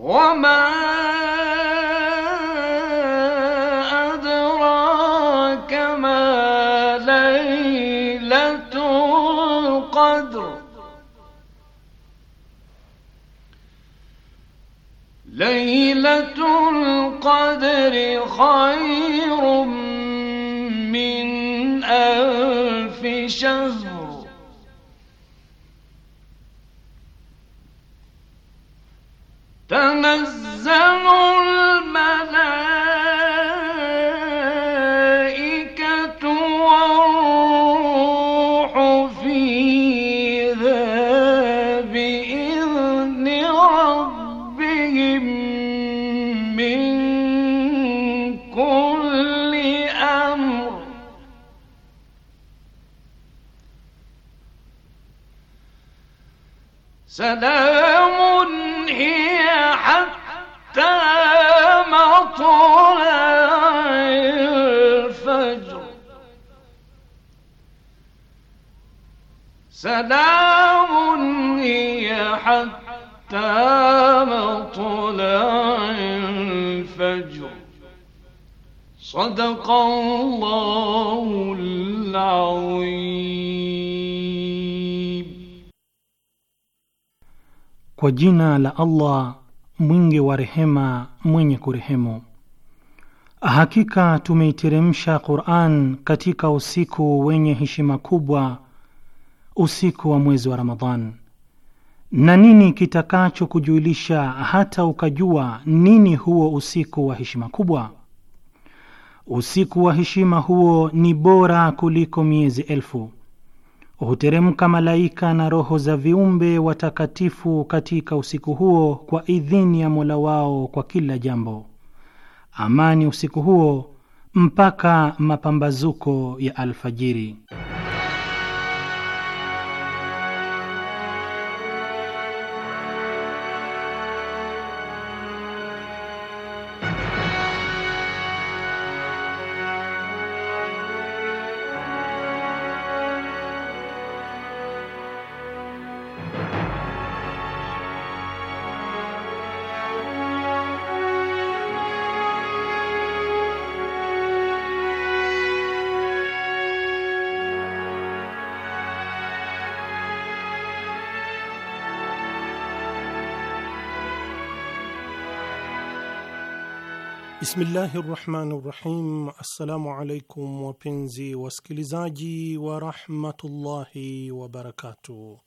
وما Salamun hiya hatta matla'il fajr. Sadaqallahul azim. Kwa jina la Allah mwingi wa rehema mwenye kurehemu. Hakika tumeiteremsha Qur'an katika usiku wenye heshima kubwa usiku wa mwezi wa Ramadhan. Na nini kitakachokujulisha hata ukajua nini huo usiku wa heshima kubwa? Usiku wa heshima huo ni bora kuliko miezi elfu. Huteremka malaika na roho za viumbe watakatifu katika usiku huo kwa idhini ya Mola wao kwa kila jambo. Amani usiku huo mpaka mapambazuko ya alfajiri. Bismillahi rahmani rahim. Assalamu alaikum wapenzi wasikilizaji warahmatullahi wabarakatuh.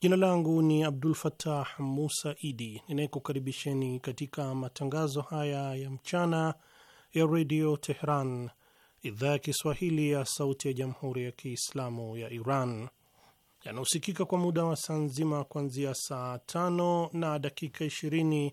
Jina langu ni Abdul fatah Musa Idi ninayekukaribisheni katika matangazo haya ya mchana ya redio Tehran, idhaa ya Kiswahili ya sauti ya jamhuri ya Kiislamu ya Iran yanaosikika kwa muda wa saa nzima kuanzia saa tano na dakika ishirini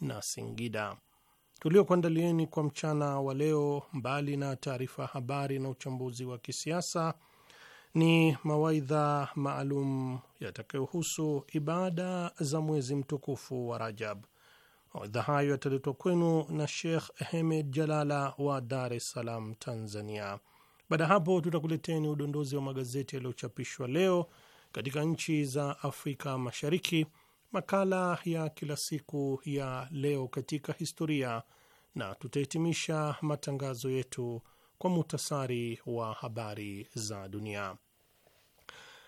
na Singida tuliokuandalieni kwa mchana wa leo. Mbali na taarifa habari na uchambuzi wa kisiasa, ni mawaidha maalum yatakayohusu ibada za mwezi mtukufu wa Rajab. Mawaidha hayo yataletwa kwenu na Sheikh Hemed Jalala wa Dar es Salaam, Tanzania. Baada ya hapo, tutakuleteni udondozi wa magazeti yaliyochapishwa leo katika nchi za Afrika Mashariki makala ya kila siku ya leo katika historia, na tutahitimisha matangazo yetu kwa muhtasari wa habari za dunia.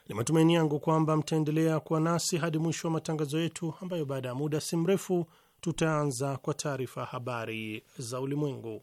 Ni matumaini yangu kwamba mtaendelea kuwa nasi hadi mwisho wa matangazo yetu, ambayo baada ya muda si mrefu tutaanza kwa taarifa habari za ulimwengu.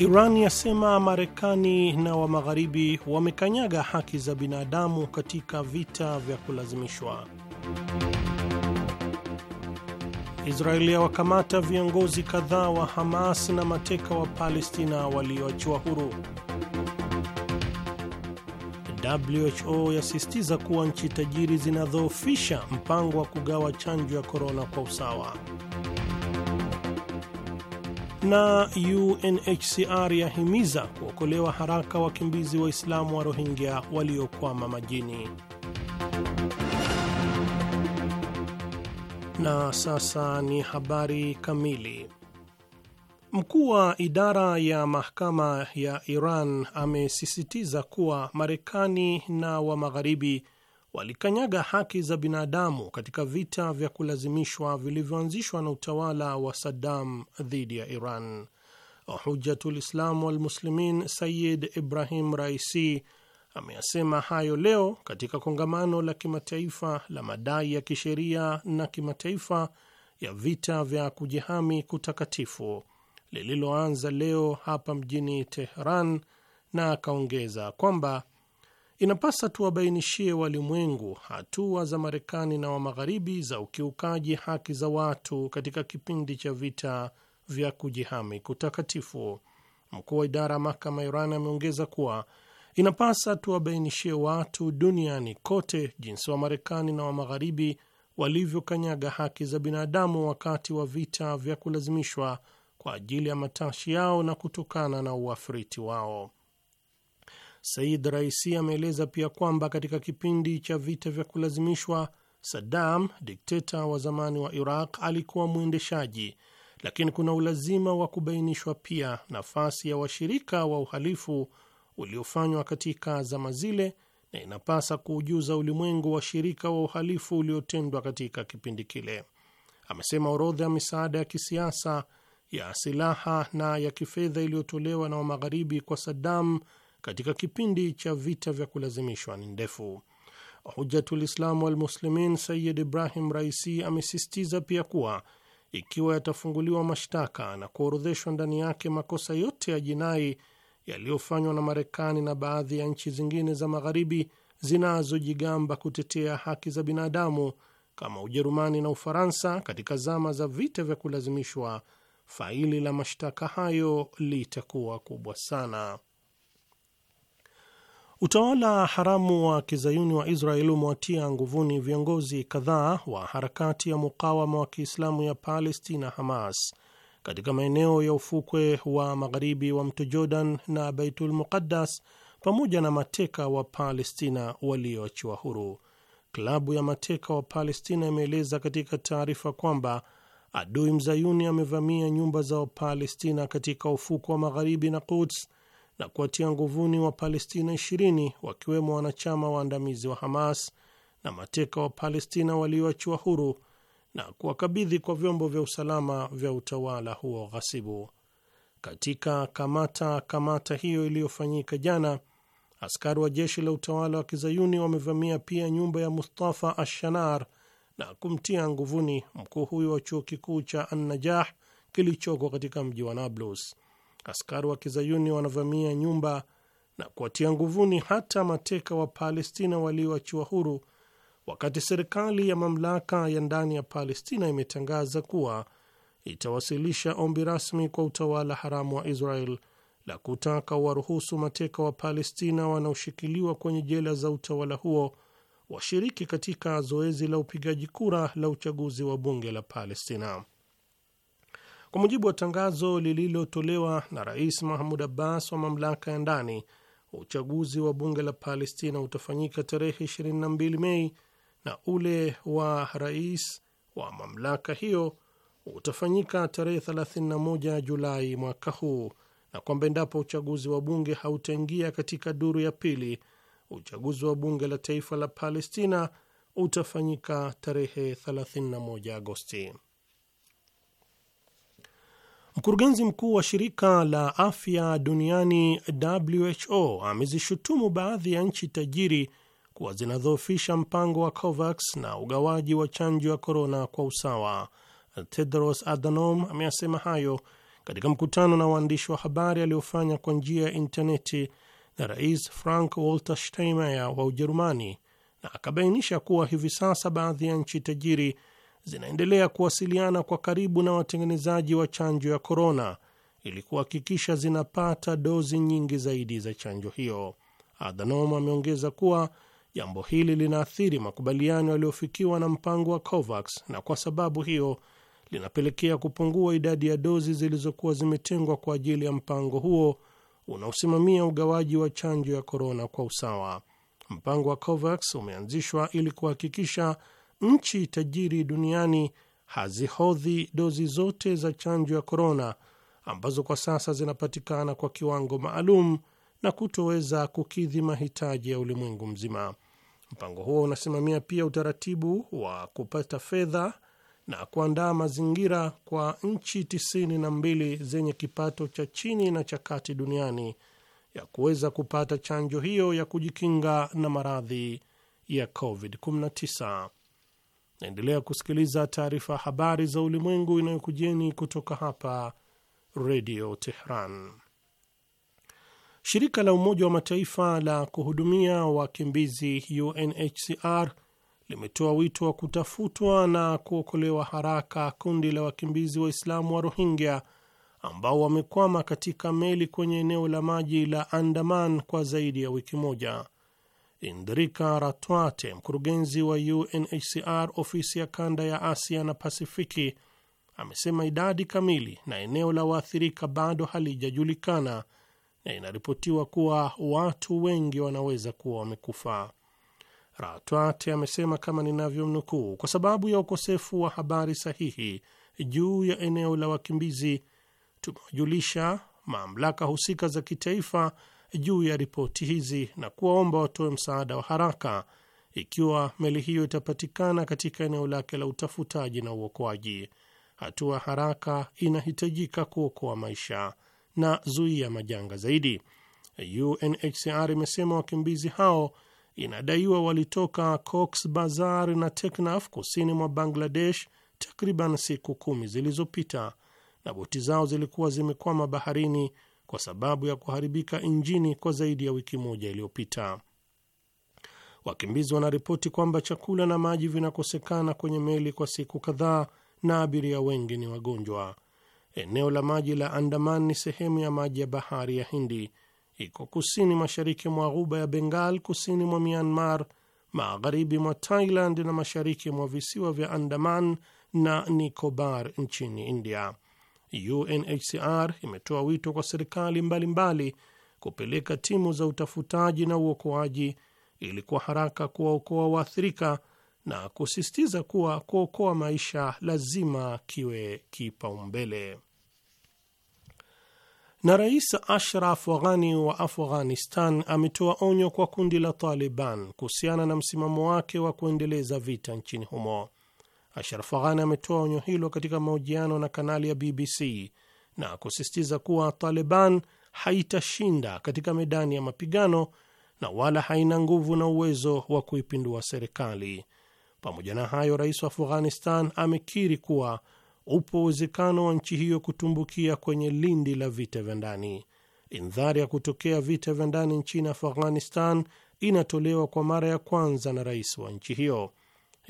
Iran yasema Marekani na wa Magharibi wamekanyaga haki za binadamu katika vita vya kulazimishwa. Israeli yawakamata viongozi kadhaa wa Hamas na mateka wa Palestina walioachiwa huru. WHO yasisitiza kuwa nchi tajiri zinadhoofisha mpango wa kugawa chanjo ya korona kwa usawa na UNHCR yahimiza kuokolewa haraka wakimbizi Waislamu wa Rohingya waliokwama majini. Na sasa ni habari kamili. Mkuu wa idara ya mahakama ya Iran amesisitiza kuwa Marekani na wa Magharibi walikanyaga haki za binadamu katika vita vya kulazimishwa vilivyoanzishwa na utawala wa Saddam dhidi ya Iran. Hujjatul Islam Walmuslimin Sayid Ibrahim Raisi ameyasema hayo leo katika kongamano la kimataifa la madai ya kisheria na kimataifa ya vita vya kujihami kutakatifu lililoanza leo hapa mjini Tehran, na akaongeza kwamba inapasa tuwabainishie walimwengu hatua za Marekani na wa Magharibi za ukiukaji haki za watu katika kipindi cha vita vya kujihami kutakatifu. Mkuu wa idara ya mahakama Iran ameongeza kuwa inapasa tuwabainishie watu duniani kote jinsi wa Marekani na wa Magharibi walivyokanyaga haki za binadamu wakati wa vita vya kulazimishwa kwa ajili ya matashi yao na kutokana na uafriti wao. Said Raisi ameeleza pia kwamba katika kipindi cha vita vya kulazimishwa, Saddam dikteta wa zamani wa Iraq alikuwa mwendeshaji, lakini kuna ulazima wa kubainishwa pia nafasi ya washirika wa uhalifu uliofanywa katika zama zile, na inapasa kuujuza ulimwengu washirika wa uhalifu uliotendwa katika kipindi kile. Amesema orodha ya misaada ya kisiasa, ya silaha na ya kifedha iliyotolewa na Wamagharibi kwa Saddam katika kipindi cha vita vya kulazimishwa ni ndefu. Hujatul Islamu Walmuslimin Sayid Ibrahim Raisi amesisitiza pia kuwa ikiwa yatafunguliwa mashtaka na kuorodheshwa ndani yake makosa yote ya jinai yaliyofanywa na Marekani na baadhi ya nchi zingine za Magharibi zinazojigamba kutetea haki za binadamu kama Ujerumani na Ufaransa katika zama za vita vya kulazimishwa, faili la mashtaka hayo litakuwa kubwa sana. Utawala haramu wa kizayuni wa israel umewatia nguvuni viongozi kadhaa wa harakati ya mukawama wa kiislamu ya Palestina, Hamas, katika maeneo ya ufukwe wa magharibi wa mto Jordan na Baitul Muqaddas, pamoja na mateka wa Palestina walioachiwa huru. Klabu ya mateka wa Palestina imeeleza katika taarifa kwamba adui mzayuni amevamia nyumba za Wapalestina katika ufukwe wa magharibi na Quds na kuwatia nguvuni wa Palestina 20 wakiwemo wanachama waandamizi wa Hamas na mateka wa Palestina walioachiwa huru na kuwakabidhi kwa vyombo vya usalama vya utawala huo ghasibu. Katika kamata kamata hiyo iliyofanyika jana, askari wa jeshi la utawala wa kizayuni wamevamia pia nyumba ya Mustafa Ashanar na kumtia nguvuni mkuu huyo wa chuo kikuu cha Annajah kilichoko katika mji wa Nablus askari wa kizayuni wanavamia nyumba na kuwatia nguvuni hata mateka wa Palestina walioachiwa huru, wakati serikali ya mamlaka ya ndani ya Palestina imetangaza kuwa itawasilisha ombi rasmi kwa utawala haramu wa Israel la kutaka waruhusu mateka wa Palestina wanaoshikiliwa kwenye jela za utawala huo washiriki katika zoezi la upigaji kura la uchaguzi wa bunge la Palestina. Kwa mujibu wa tangazo lililotolewa na Rais Mahmud Abbas wa mamlaka ya ndani, uchaguzi wa bunge la Palestina utafanyika tarehe 22 Mei na ule wa rais wa mamlaka hiyo utafanyika tarehe 31 Julai mwaka huu, na kwamba endapo uchaguzi wa bunge hautaingia katika duru ya pili, uchaguzi wa bunge la taifa la Palestina utafanyika tarehe 31 Agosti. Mkurugenzi mkuu wa shirika la afya duniani WHO amezishutumu baadhi ya nchi tajiri kuwa zinadhoofisha mpango wa COVAX na ugawaji wa chanjo ya korona kwa usawa. Tedros Adhanom ameyasema hayo katika mkutano na waandishi wa habari aliofanya kwa njia ya intaneti na Rais Frank Walter Steinmeier wa Ujerumani, na akabainisha kuwa hivi sasa baadhi ya nchi tajiri zinaendelea kuwasiliana kwa karibu na watengenezaji wa chanjo ya korona ili kuhakikisha zinapata dozi nyingi zaidi za chanjo hiyo. Adhanom ameongeza kuwa jambo hili linaathiri makubaliano yaliyofikiwa na mpango wa COVAX na kwa sababu hiyo linapelekea kupungua idadi ya dozi zilizokuwa zimetengwa kwa ajili ya mpango huo unaosimamia ugawaji wa chanjo ya korona kwa usawa. Mpango wa COVAX umeanzishwa ili kuhakikisha nchi tajiri duniani hazihodhi dozi zote za chanjo ya korona ambazo kwa sasa zinapatikana kwa kiwango maalum na kutoweza kukidhi mahitaji ya ulimwengu mzima. Mpango huo unasimamia pia utaratibu wa kupata fedha na kuandaa mazingira kwa nchi tisini na mbili zenye kipato cha chini na cha kati duniani ya kuweza kupata chanjo hiyo ya kujikinga na maradhi ya COVID-19. Naendelea kusikiliza taarifa ya habari za ulimwengu inayokujeni kutoka hapa Redio Tehran. Shirika la Umoja wa Mataifa la kuhudumia wakimbizi UNHCR limetoa wito wa kutafutwa na kuokolewa haraka kundi la wakimbizi Waislamu wa Rohingya ambao wamekwama katika meli kwenye eneo la maji la Andaman kwa zaidi ya wiki moja. Indrika ratwate mkurugenzi wa UNHCR ofisi ya kanda ya Asia na Pasifiki, amesema idadi kamili na eneo la waathirika bado halijajulikana na inaripotiwa kuwa watu wengi wanaweza kuwa wamekufa. ratwate amesema kama ninavyomnukuu, kwa sababu ya ukosefu wa habari sahihi juu ya eneo la wakimbizi, tumewajulisha mamlaka husika za kitaifa juu ya ripoti hizi na kuwaomba watoe msaada wa haraka ikiwa meli hiyo itapatikana katika eneo lake la utafutaji na uokoaji. Hatua haraka inahitajika kuokoa maisha na zuia majanga zaidi. UNHCR imesema wakimbizi hao inadaiwa walitoka Cox Bazar na Teknaf kusini mwa Bangladesh takriban siku kumi zilizopita na boti zao zilikuwa zimekwama baharini kwa sababu ya kuharibika injini kwa zaidi ya wiki moja iliyopita. Wakimbizi wanaripoti kwamba chakula na maji vinakosekana kwenye meli kwa siku kadhaa na abiria wengi ni wagonjwa. Eneo la maji la Andaman ni sehemu ya maji ya bahari ya Hindi, iko kusini mashariki mwa ghuba ya Bengal, kusini mwa Myanmar, magharibi mwa Thailand na mashariki mwa visiwa vya Andaman na Nikobar nchini India. UNHCR imetoa wito kwa serikali mbalimbali mbali kupeleka timu za utafutaji na uokoaji ili kwa haraka kuwaokoa waathirika na kusisitiza kuwa kuokoa maisha lazima kiwe kipaumbele. Na Rais Ashraf Ghani wa Afghanistan ametoa onyo kwa kundi la Taliban kuhusiana na msimamo wake wa kuendeleza vita nchini humo. Ashraf Ghani ametoa onyo hilo katika mahojiano na kanali ya BBC na kusisitiza kuwa Taliban haitashinda katika medani ya mapigano na wala haina nguvu na uwezo wa kuipindua serikali. Pamoja na hayo, rais wa Afghanistan amekiri kuwa upo uwezekano wa nchi hiyo kutumbukia kwenye lindi la vita vya ndani. Indhari ya kutokea vita vya ndani nchini Afghanistan inatolewa kwa mara ya kwanza na rais wa nchi hiyo.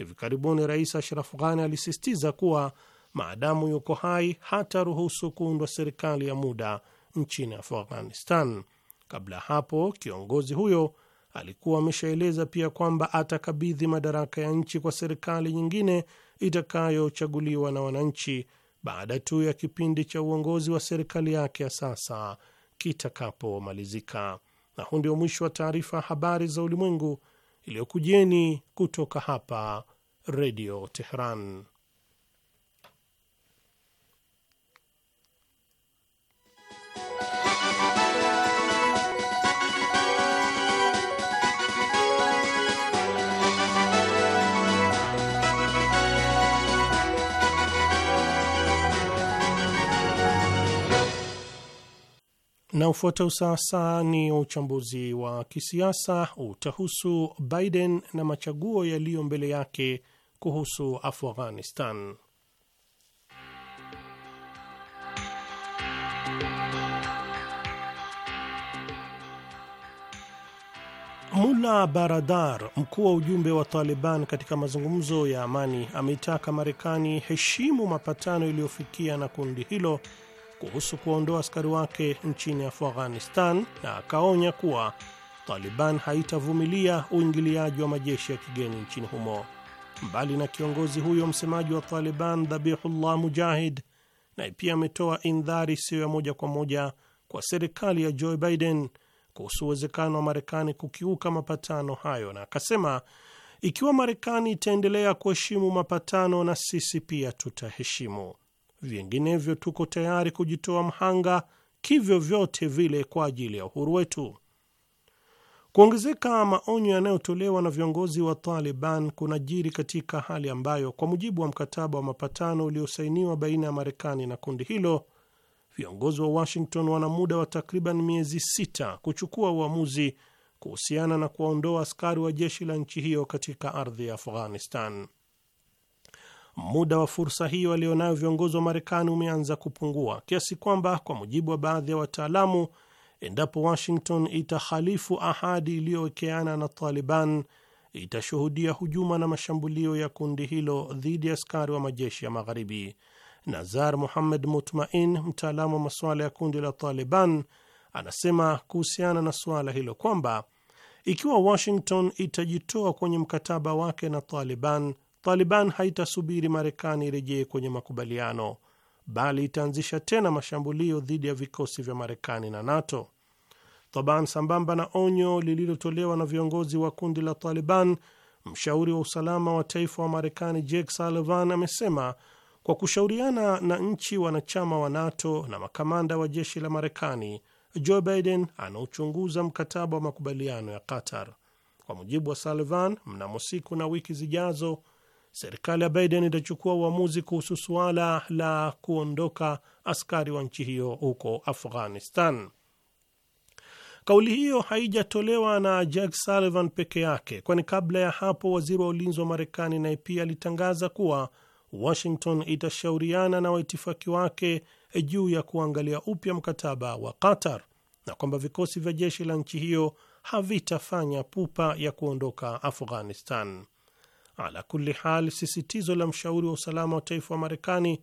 Hivi karibuni Rais Ashraf Ghani alisisitiza kuwa maadamu yuko hai hataruhusu kuundwa serikali ya muda nchini Afghanistan. Kabla ya hapo kiongozi huyo alikuwa ameshaeleza pia kwamba atakabidhi madaraka ya nchi kwa serikali nyingine itakayochaguliwa na wananchi baada tu ya kipindi cha uongozi wa serikali yake ya sasa kitakapomalizika. Na huu ndio mwisho wa taarifa ya habari za ulimwengu iliyokujeni kutoka hapa Radio Tehran. Na ufuatao sasa ni uchambuzi wa kisiasa utahusu Biden na machaguo yaliyo mbele yake kuhusu Afghanistan. Mula Baradar, mkuu wa ujumbe wa Taliban katika mazungumzo ya amani, ameitaka Marekani heshimu mapatano iliyofikia na kundi hilo kuhusu kuondoa askari wake nchini Afghanistan na akaonya kuwa Taliban haitavumilia uingiliaji wa majeshi ya kigeni nchini humo. Mbali na kiongozi huyo, msemaji wa Taliban Dhabihullah Mujahid naye pia ametoa indhari siyo ya moja kwa moja kwa serikali ya Joe Biden kuhusu uwezekano wa Marekani kukiuka mapatano hayo, na akasema ikiwa Marekani itaendelea kuheshimu mapatano na sisi pia tutaheshimu vinginevyo tuko tayari kujitoa mhanga kivyo vyote vile kwa ajili ya uhuru wetu. Kuongezeka maonyo yanayotolewa na viongozi wa Taliban kuna jiri katika hali ambayo, kwa mujibu wa mkataba wa mapatano uliosainiwa baina ya Marekani na kundi hilo, viongozi wa Washington wana muda wa takriban miezi sita kuchukua uamuzi kuhusiana na kuwaondoa askari wa jeshi la nchi hiyo katika ardhi ya Afghanistan muda wa fursa hiyo alionayo viongozi wa Marekani umeanza kupungua kiasi kwamba, kwa mujibu wa baadhi ya wataalamu, endapo Washington itahalifu ahadi iliyowekeana na Taliban itashuhudia hujuma na mashambulio ya kundi hilo dhidi ya askari wa majeshi ya Magharibi. Nazar Muhammad Mutmain, mtaalamu wa masuala ya kundi la Taliban, anasema kuhusiana na suala hilo kwamba ikiwa Washington itajitoa kwenye mkataba wake na Taliban Taliban haitasubiri Marekani irejee kwenye makubaliano, bali itaanzisha tena mashambulio dhidi ya vikosi vya Marekani na NATO. Taban, sambamba na onyo lililotolewa na viongozi wa kundi la Taliban, mshauri wa usalama wa taifa wa Marekani Jake Sullivan amesema kwa kushauriana na nchi wanachama wa NATO na makamanda wa jeshi la Marekani, Joe Biden anaochunguza mkataba wa makubaliano ya Qatar. Kwa mujibu wa Sullivan, mnamo siku na wiki zijazo serikali ya Biden itachukua uamuzi kuhusu suala la kuondoka askari wa nchi hiyo huko Afghanistan. Kauli hiyo haijatolewa na Jake Sullivan peke yake, kwani kabla ya hapo waziri wa ulinzi wa Marekani naye pia alitangaza kuwa Washington itashauriana na waitifaki wake juu ya kuangalia upya mkataba wa Qatar na kwamba vikosi vya jeshi la nchi hiyo havitafanya pupa ya kuondoka Afghanistan. Ala kulli hal, sisitizo la mshauri wa usalama wa taifa wa Marekani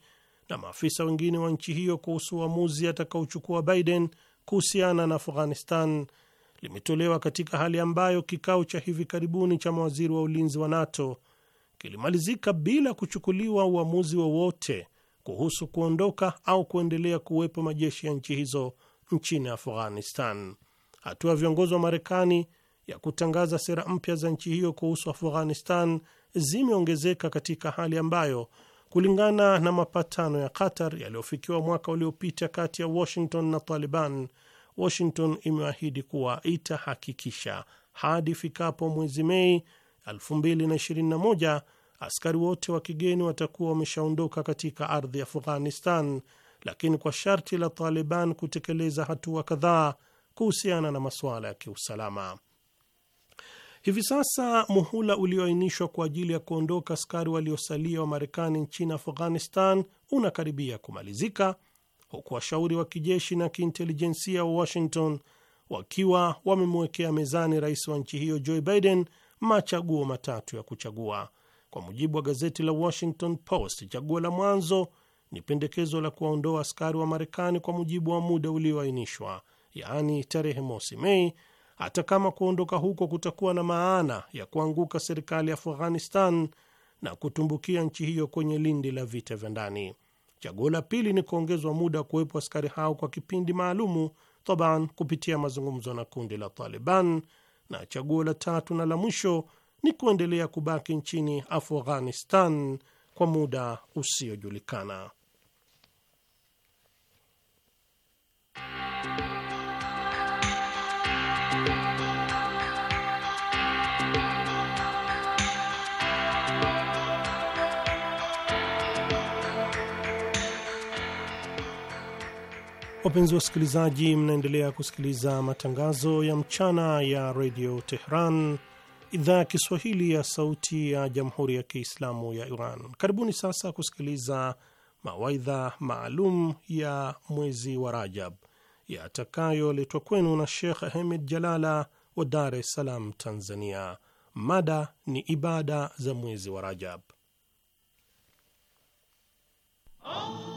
na maafisa wengine wa nchi hiyo kuhusu uamuzi atakaochukua Biden kuhusiana na Afghanistan limetolewa katika hali ambayo kikao cha hivi karibuni cha mawaziri wa ulinzi wa NATO kilimalizika bila kuchukuliwa uamuzi wowote kuhusu kuondoka au kuendelea kuwepo majeshi ya nchi hizo nchini Afghanistan. Hatua ya viongozi wa Marekani ya kutangaza sera mpya za nchi hiyo kuhusu Afghanistan zimeongezeka katika hali ambayo kulingana na mapatano ya Qatar yaliyofikiwa mwaka uliopita kati ya Washington na Taliban, Washington imeahidi kuwa itahakikisha hadi ifikapo mwezi Mei 2021 askari wote wa kigeni watakuwa wameshaondoka katika ardhi ya Afghanistan, lakini kwa sharti la Taliban kutekeleza hatua kadhaa kuhusiana na masuala ya kiusalama. Hivi sasa muhula ulioainishwa kwa ajili ya kuondoka askari waliosalia wa Marekani nchini Afghanistan unakaribia kumalizika huku washauri wa kijeshi na kiintelijensia wa Washington wakiwa wamemwekea mezani rais wa nchi hiyo Joe Biden machaguo matatu ya kuchagua. Kwa mujibu wa gazeti la Washington Post, chaguo la mwanzo ni pendekezo la kuwaondoa askari wa Marekani kwa mujibu wa muda ulioainishwa, yaani tarehe mosi Mei, hata kama kuondoka huko kutakuwa na maana ya kuanguka serikali ya Afghanistan na kutumbukia nchi hiyo kwenye lindi la vita vya ndani. Chaguo la pili ni kuongezwa muda wa kuwepo askari hao kwa kipindi maalumu taban, kupitia mazungumzo na kundi la Taliban, na chaguo la tatu na la mwisho ni kuendelea kubaki nchini Afghanistan kwa muda usiojulikana. Wapenzi wasikilizaji, mnaendelea kusikiliza matangazo ya mchana ya redio Tehran, idhaa ya Kiswahili ya sauti ya jamhuri ya Kiislamu ya Iran. Karibuni sasa kusikiliza mawaidha maalum ya mwezi wa Rajab yatakayoletwa kwenu na Shekh hemid Jalala wa Dar es Salaam, Tanzania. Mada ni ibada za mwezi wa Rajab. oh.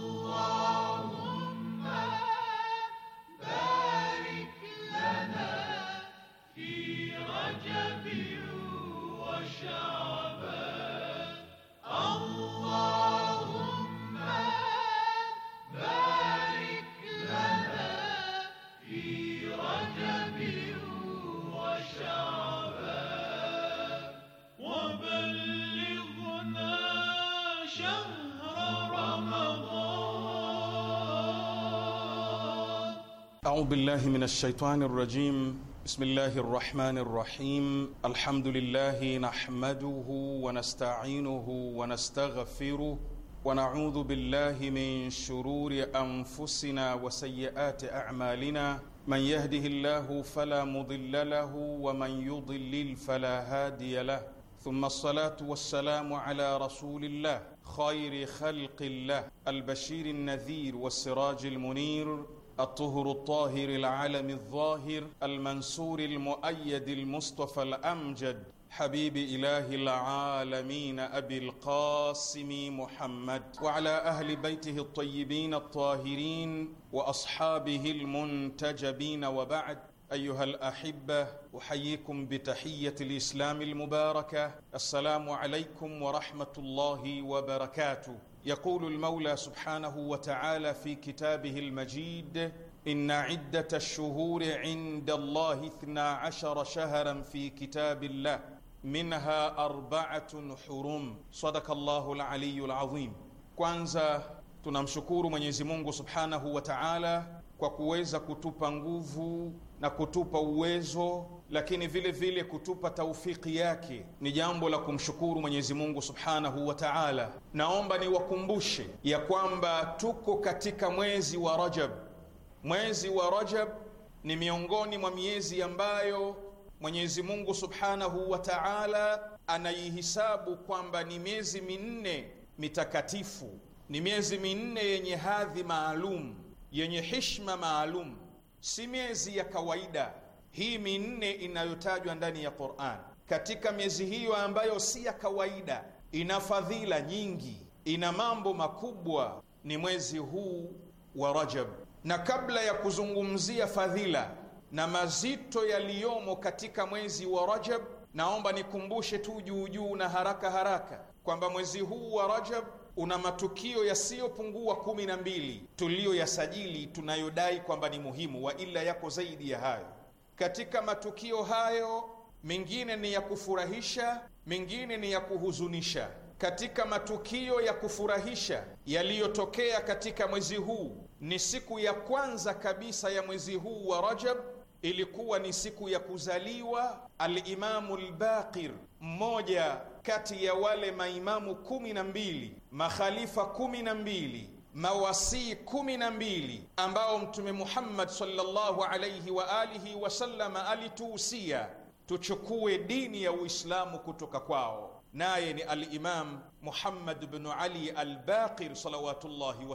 أعوذ بالله من الشيطان الرجيم بسم الله الرحمن الرحيم الحمد لله نحمده ونستعينه ونستغفره ونعوذ بالله من شرور أنفسنا وسيئات أعمالنا من يهده الله فلا مضل له ومن يضلل فلا هادي له ثم الصلاة والسلام على رسول الله خير خلق الله البشير النذير والسراج المنير الطهر الطاهر العالم الظاهر المنصور المؤيد المصطفى الأمجد حبيب إله العالمين أبي القاسم محمد وعلى أهل بيته الطيبين الطاهرين وأصحابه المنتجبين وبعد أيها الأحبة أحييكم بتحية الإسلام المباركة السلام عليكم ورحمة الله وبركاته Yaqulu al-Mawla subhanahu wa ta'ala fi kitabihi al-Majid inna iddata ash-shuhuri 'inda Allahi ithna 'ashara shahran fi kitabillah minha arba'atun hurum. Sadaka Allahu al-'aliyyu al-'azim. Kwanza tunamshukuru Mwenyezi Mungu subhanahu wa ta'ala kwa kuweza kutupa nguvu na kutupa uwezo lakini vile vile kutupa taufiki yake ni jambo la kumshukuru Mwenyezi Mungu Subhanahu wa Ta'ala. Naomba niwakumbushe ya kwamba tuko katika mwezi wa Rajab. Mwezi wa Rajab ni miongoni mwa miezi ambayo Mwenyezi Mungu Subhanahu wa Ta'ala anaihisabu kwamba ni miezi minne mitakatifu, ni miezi minne yenye hadhi maalum, yenye hishma maalum si miezi ya kawaida hii minne inayotajwa ndani ya Qur'an. Katika miezi hiyo ambayo si ya kawaida, ina fadhila nyingi, ina mambo makubwa, ni mwezi huu wa Rajab. Na kabla ya kuzungumzia fadhila na mazito yaliyomo katika mwezi wa Rajab, naomba nikumbushe tu juu juu na haraka haraka kwamba mwezi huu wa Rajab una matukio yasiyopungua kumi na mbili tuliyoyasajili tunayodai kwamba ni muhimu, wa ila yako zaidi ya hayo. Katika matukio hayo, mengine ni ya kufurahisha, mengine ni ya kuhuzunisha. Katika matukio ya kufurahisha yaliyotokea katika mwezi huu ni siku ya kwanza kabisa ya mwezi huu wa Rajab ilikuwa ni siku ya kuzaliwa Alimamu Lbaqir, mmoja kati ya wale maimamu kumi na mbili makhalifa kumi na mbili mawasii kumi na mbili ambao Mtume Muhammad sallallahu alayhi wa alihi wasallama alituhusia tuchukue dini ya Uislamu kutoka kwao, naye ni alimam Muhammad ibn Ali al-Baqir salawatullahi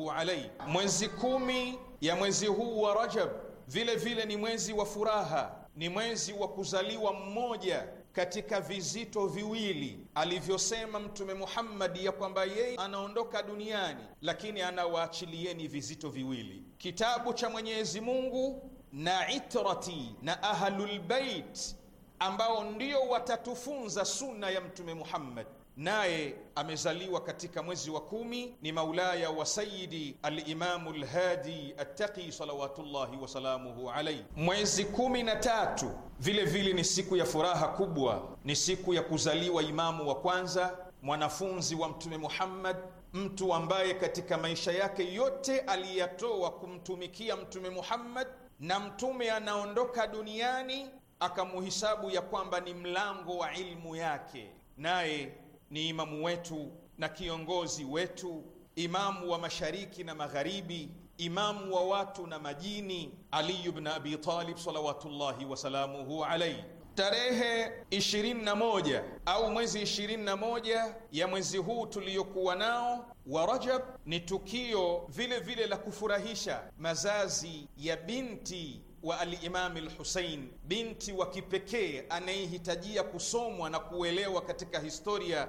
wa alayhi. Mwezi kumi ya mwezi huu wa Rajab vile vile ni mwezi wa furaha, ni mwezi wa kuzaliwa mmoja katika vizito viwili alivyosema Mtume Muhammadi ya kwamba yeye anaondoka duniani, lakini anawaachilieni vizito viwili, kitabu cha Mwenyezi Mungu na itrati na ahlulbeit, ambao ndio watatufunza sunna ya Mtume Muhammad naye amezaliwa katika mwezi wa kumi, ni maulaya wa Sayidi Alimamu Lhadi Attaqi salawatullahi wasalamuhu alaihi. Mwezi kumi na tatu vile vile ni siku ya furaha kubwa, ni siku ya kuzaliwa imamu wa kwanza, mwanafunzi wa Mtume Muhammad, mtu ambaye katika maisha yake yote aliyatoa kumtumikia Mtume Muhammad, na Mtume anaondoka duniani akamuhisabu ya kwamba ni mlango wa ilmu yake, naye ni imamu wetu na kiongozi wetu, imamu wa mashariki na magharibi, imamu wa watu na majini, Ali ibn Abi Talib salawatullahi wasalamuhu alayhi. Tarehe 21 au mwezi 21 ya mwezi huu tuliyokuwa nao wa Rajab ni tukio vile vile la kufurahisha, mazazi ya binti wa alimami Lhusein, binti wa kipekee anayehitajia kusomwa na kuelewa katika historia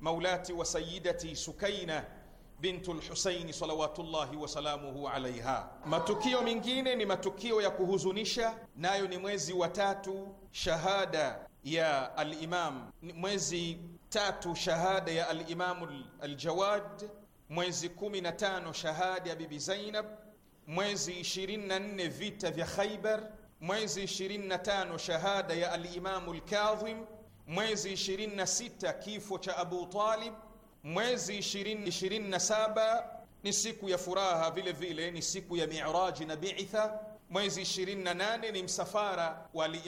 maulati wa sayidati Sukaina bintu Lhuseini salawatullahi wasalamuhu alaiha. Matukio mengine ni matukio ya kuhuzunisha, nayo ni mwezi wa tatu shahada ya alimam, mwezi tatu shahada ya alimamu Aljawad, mwezi kumi na tano shahada ya bibi Zainab mwezi 24 vita vya Khaibar, mwezi 25 shahada ya al lkadhim al-Kadhim, mwezi 26 kifo cha Abu Talib, mwezi 27 ni siku ya furaha, vile vile ni siku ya Mi'raji na biitha Mwezi 28 ni msafara wa al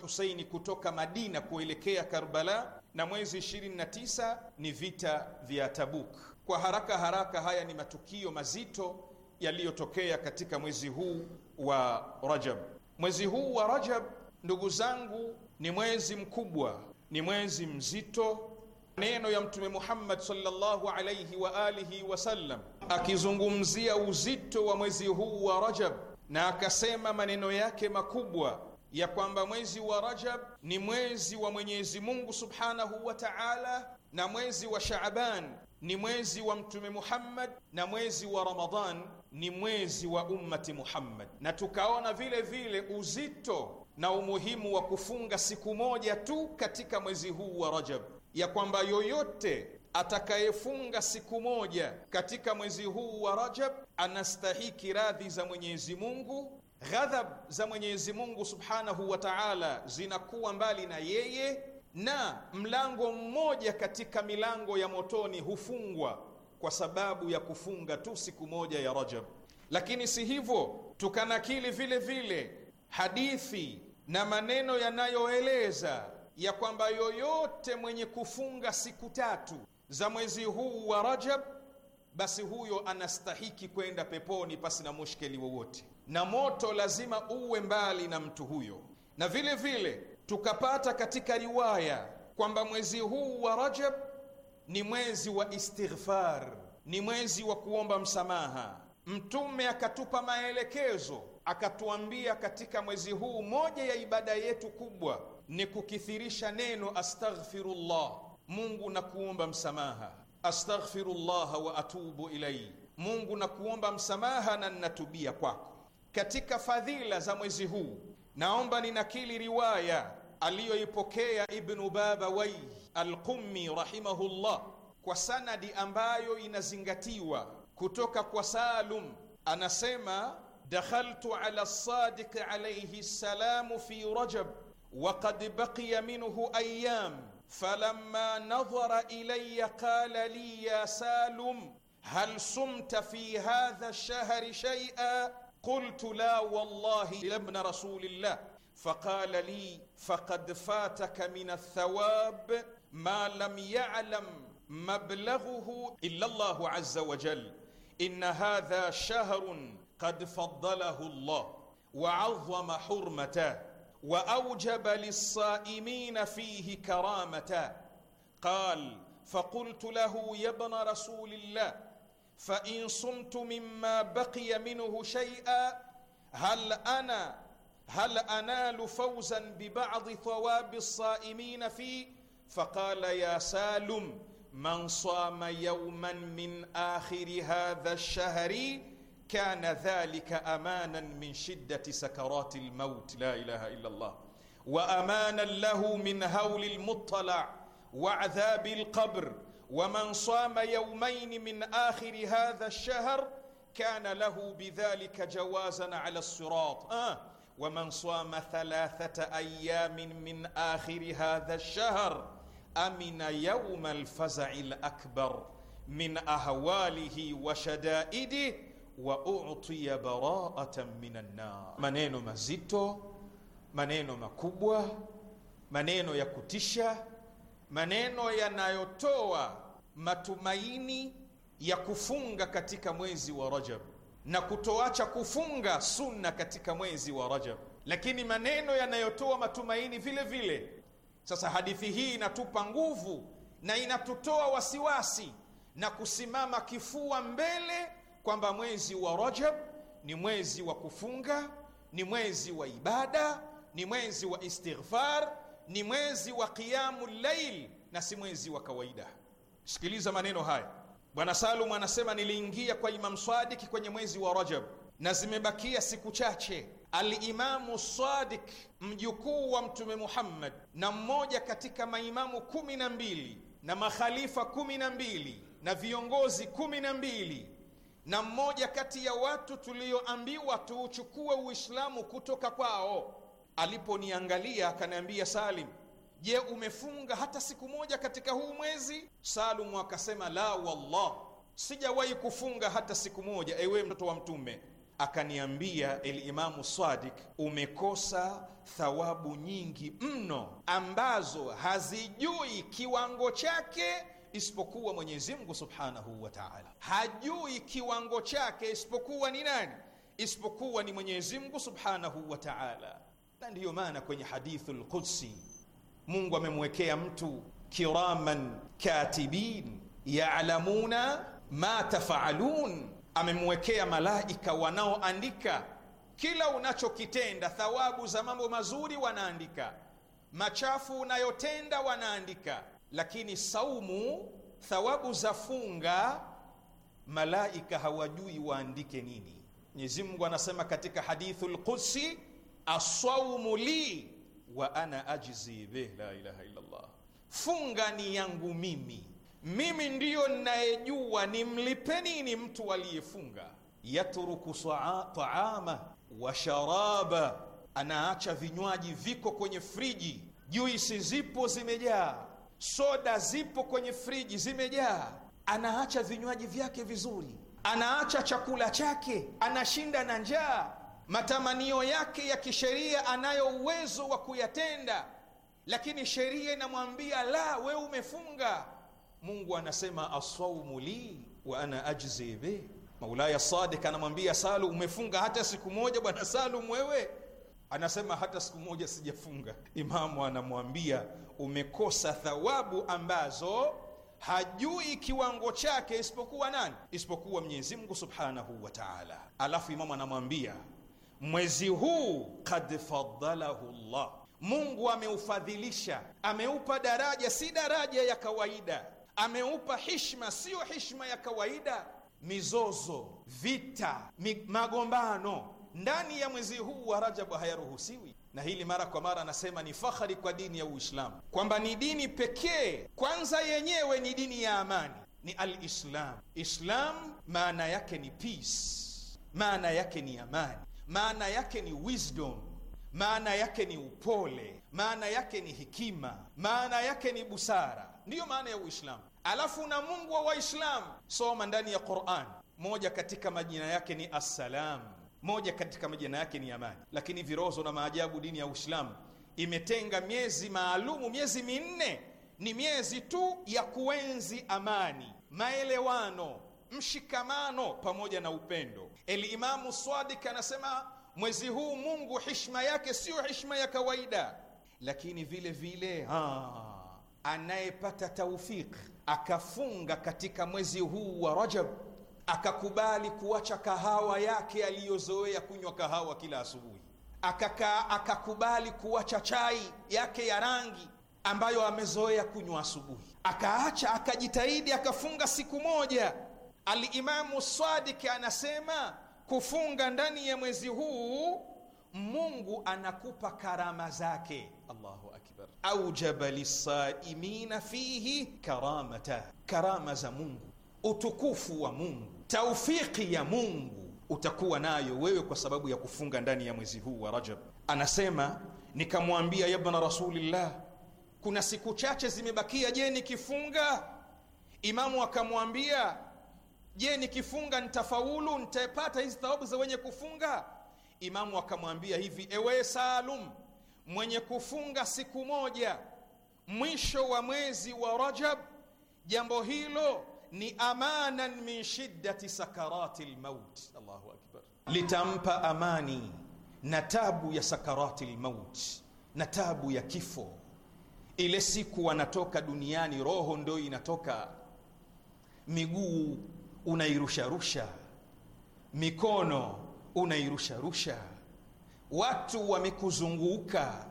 lhuseini al kutoka Madina kuelekea Karbala, na mwezi 29 ni vita vya Tabuk. Kwa haraka haraka, haya ni matukio mazito yaliyotokea katika mwezi huu wa Rajab. Mwezi huu wa Rajab, ndugu zangu, ni mwezi mkubwa, ni mwezi mzito. Maneno ya Mtume Muhammad sallallahu alayhi wa alihi sallam akizungumzia uzito wa mwezi huu wa Rajab, na akasema maneno yake makubwa ya kwamba mwezi wa Rajab ni mwezi wa Mwenyezi Mungu subhanahu wa ta'ala, na mwezi wa Shaaban ni mwezi wa Mtume Muhammad na mwezi wa Ramadhan ni mwezi wa ummati Muhammad, na tukaona vile vile uzito na umuhimu wa kufunga siku moja tu katika mwezi huu wa Rajab, ya kwamba yoyote atakayefunga siku moja katika mwezi huu wa Rajab anastahiki radhi za Mwenyezi Mungu, ghadhab za Mwenyezi Mungu Subhanahu wa Ta'ala zinakuwa mbali na yeye na mlango mmoja katika milango ya motoni hufungwa kwa sababu ya kufunga tu siku moja ya Rajab. Lakini si hivyo, tukanakili vile vile hadithi na maneno yanayoeleza ya kwamba yoyote mwenye kufunga siku tatu za mwezi huu wa Rajab, basi huyo anastahiki kwenda peponi pasi na mushkeli wowote, na moto lazima uwe mbali na mtu huyo, na vile vile tukapata katika riwaya kwamba mwezi huu wa Rajab ni mwezi wa istighfar, ni mwezi wa kuomba msamaha. Mtume akatupa maelekezo, akatuambia katika mwezi huu moja ya ibada yetu kubwa ni kukithirisha neno astaghfirullah, Mungu na kuomba msamaha, astaghfirullah wa atubu ilai, Mungu na kuomba msamaha na ninatubia kwako. Katika fadhila za mwezi huu Naomba ninakili riwaya aliyoipokea Ibnu Babawayh Alqummi rahimahullah kwa sanadi ambayo inazingatiwa kutoka kwa Salum, anasema dakhaltu ala Sadiq alayhi salamu fi Rajab wa qad baqiya minhu ayyam falamma nadhara ilayya qala li ya Salum hal sumta fi hadha ash-shahri shay'an قلت لا والله لابن رسول الله فقال لي فقد فاتك من الثواب ما لم يعلم مبلغه الا الله عز وجل ان هذا شهر قد فضله الله وعظم حرمته واوجب للصائمين فيه كرامته قال فقلت له يا ابن رسول الله فإن صمت مما بقي منه شيئا هل أنا هل أنال فوزا ببعض ثواب الصائمين فيه فقال يا سالم من صام يوما من آخر هذا الشهر كان ذلك أمانا من شدة سكرات الموت لا إله إلا الله وأمانا له من هول المطلع وعذاب القبر ومن صام يومين من آخر هذا الشهر كان له بذلك جوازا على الصراط آه ومن صام ثلاثة أيام من آخر هذا الشهر أمن يوم الفزع الأكبر من أهواله وشدائده وأعطي براءة من النار منين مزيتو منين مكبوة منين ya maneno yanayotoa matumaini ya kufunga katika mwezi wa Rajab na kutoacha kufunga sunna katika mwezi wa Rajab, lakini maneno yanayotoa matumaini vile vile. Sasa hadithi hii inatupa nguvu na inatutoa wasiwasi na kusimama kifua mbele kwamba mwezi wa Rajab ni mwezi wa kufunga, ni mwezi wa ibada, ni mwezi wa istighfar ni mwezi wa qiyamu lail na si mwezi wa kawaida. Sikiliza maneno haya, Bwana Salum anasema niliingia kwa Imam Sadik kwenye mwezi wa Rajab na zimebakia siku chache. Alimamu Sadik mjukuu wa Mtume Muhammad na mmoja katika maimamu kumi na mbili na makhalifa kumi na mbili na viongozi kumi na mbili na mmoja kati ya watu tulioambiwa tuuchukue Uislamu kutoka kwao Aliponiangalia akaniambia, Salim, je, umefunga hata siku moja katika huu mwezi? Salumu akasema, la wallah, sijawahi kufunga hata siku moja, ewe mtoto wa Mtume. Akaniambia Elimamu Sadiq, umekosa thawabu nyingi mno ambazo hazijui kiwango chake isipokuwa Mwenyezi Mungu Subhanahu wa Ta'ala. Hajui kiwango chake isipokuwa ni nani? Isipokuwa ni Mwenyezi Mungu Subhanahu wa Ta'ala. Na ndiyo maana kwenye hadithu lqudsi Mungu amemwekea mtu kiraman katibin ya'lamuna ma tafaalun, amemwekea malaika wanaoandika kila unachokitenda, thawabu za mambo mazuri wanaandika, machafu unayotenda wanaandika. Lakini saumu, thawabu za funga, malaika hawajui waandike nini. Mwenyezi Mungu anasema katika hadithu lqudsi aswaumu li wa ana ajzi bih, la ilaha illa Allah, funga ni yangu mimi, mimi ndiyo ninayejua nimlipe nini mtu aliyefunga. Yatruku taama wa sharaba, anaacha vinywaji viko kwenye friji, juisi zipo zimejaa, soda zipo kwenye friji zimejaa, anaacha vinywaji vyake vizuri, anaacha chakula chake, anashinda na njaa matamanio yake ya kisheria anayo uwezo wa kuyatenda, lakini sheria inamwambia la, wewe umefunga. Mungu anasema asaumu li wa ana ajzi bih. Maulaya Sadik anamwambia Salu, umefunga hata siku moja? Bwana Salum wewe anasema hata siku moja sijafunga. Imamu anamwambia umekosa thawabu ambazo hajui kiwango chake, isipokuwa nani? Isipokuwa Mwenyezi Mungu subhanahu wa taala. Alafu imamu anamwambia mwezi huu kad faddalahu Allah, Mungu ameufadhilisha, ameupa daraja, si daraja ya kawaida, ameupa hishma, siyo hishma ya kawaida. Mizozo, vita, magombano ndani ya mwezi huu wa Rajabu hayaruhusiwi, na hili mara kwa mara anasema ni fahari kwa dini ya Uislamu kwamba ni dini pekee, kwanza yenyewe ni dini ya amani, ni alislam islam Islam maana yake ni peace, maana yake ni amani maana yake ni wisdom, maana yake ni upole, maana yake ni hikima maana yake ni busara. Ndiyo maana ya Uislamu. Alafu na Mungu wa Waislamu, soma ndani ya Qur'an, moja katika majina yake ni assalam, moja katika majina yake ni amani. Lakini virozo na maajabu, dini ya Uislamu imetenga miezi maalumu, miezi minne ni miezi tu ya kuenzi amani, maelewano mshikamano pamoja na upendo. Elimamu Swadik anasema mwezi huu Mungu hishma yake siyo hishma ya kawaida, lakini vile vile anayepata taufiq akafunga katika mwezi huu wa Rajab akakubali kuacha kahawa yake aliyozoea kunywa kahawa kila asubuhi, akakaa akakubali kuacha chai yake ya rangi ambayo amezoea kunywa asubuhi, akaacha akajitahidi, akafunga siku moja Alimamu Sadiki anasema kufunga ndani ya mwezi huu Mungu anakupa karama zake. Allahu akbar. Aujaba lisaimina fihi karamata, karama za Mungu, utukufu wa Mungu, taufiki ya Mungu utakuwa nayo wewe kwa sababu ya kufunga ndani ya mwezi huu wa Rajab. Anasema nikamwambia, yabna Rasulillah, kuna siku chache zimebakia, je, nikifunga? Imamu akamwambia je nikifunga nitafaulu nitapata hizi thawabu za wenye kufunga imamu akamwambia hivi ewe salum mwenye kufunga siku moja mwisho wa mwezi wa rajab jambo hilo ni amanan min shiddati sakarati lmaut allahu akbar litampa amani na tabu ya sakarati lmaut na tabu ya kifo ile siku wanatoka duniani roho ndio inatoka miguu unairusharusha, mikono unairusharusha, watu wamekuzunguka,